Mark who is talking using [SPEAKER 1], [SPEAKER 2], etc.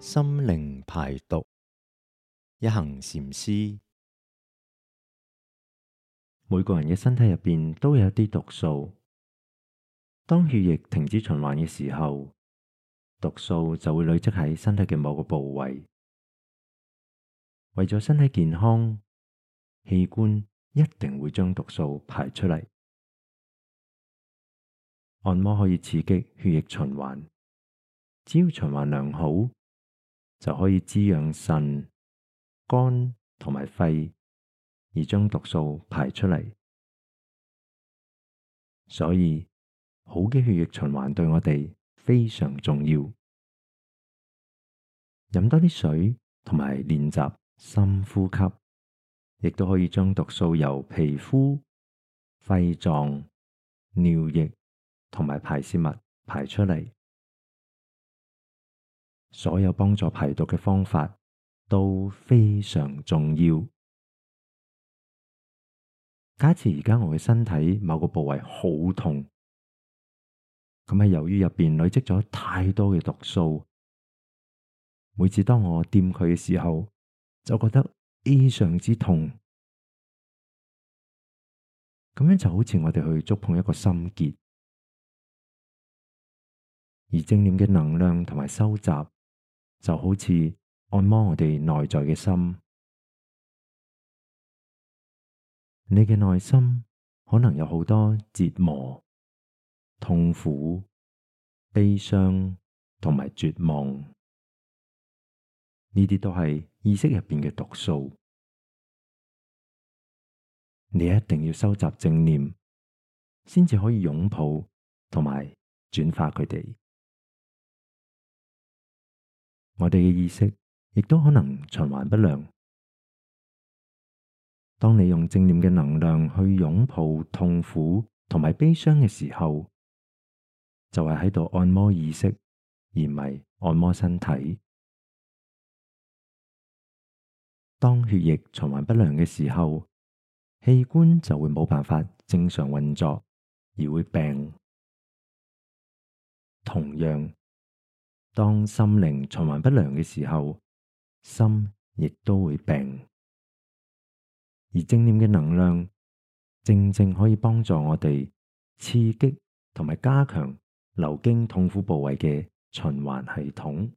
[SPEAKER 1] 心靈排毒，一行禪師。每個人嘅身體入邊都有一啲毒素，當血液停止循環嘅時候，毒素就會累積喺身體嘅某個部位。為咗身體健康，器官一定會將毒素排出嚟。按摩可以刺激血液循環，只要循環良好。就可以滋養腎、肝同埋肺，而將毒素排出嚟。所以好嘅血液循環對我哋非常重要。飲多啲水同埋練習深呼吸，亦都可以將毒素由皮膚、肺臟、尿液同埋排泄物排出嚟。所有幫助排毒嘅方法都非常重要。假設而家我嘅身體某個部位好痛，咁係由於入邊累積咗太多嘅毒
[SPEAKER 2] 素。每次當我掂佢嘅時候，就覺得異常之痛。咁樣就好似我哋去觸碰一個心結，而正念嘅能量
[SPEAKER 1] 同埋收集，就好似按摩我哋內在嘅心，
[SPEAKER 2] 你嘅內心可能有好多折磨、痛苦、悲傷同埋絕望，呢啲都係意識入邊嘅毒素。你一定要收集正念，先至可以擁抱同埋轉化佢哋。我哋嘅意識亦都可能循環不良。
[SPEAKER 1] 當你用正念嘅能量去擁抱痛苦同埋悲傷嘅時候，就係喺度按摩意識，而唔係按摩身體。當血液循環不良嘅時候，器官就會冇辦法正常運作，而會病。同樣。當心靈循環不良嘅時候，心亦都會病。而正念嘅能量正正可以幫助我哋刺激同埋加強流經痛苦部位嘅循環系統。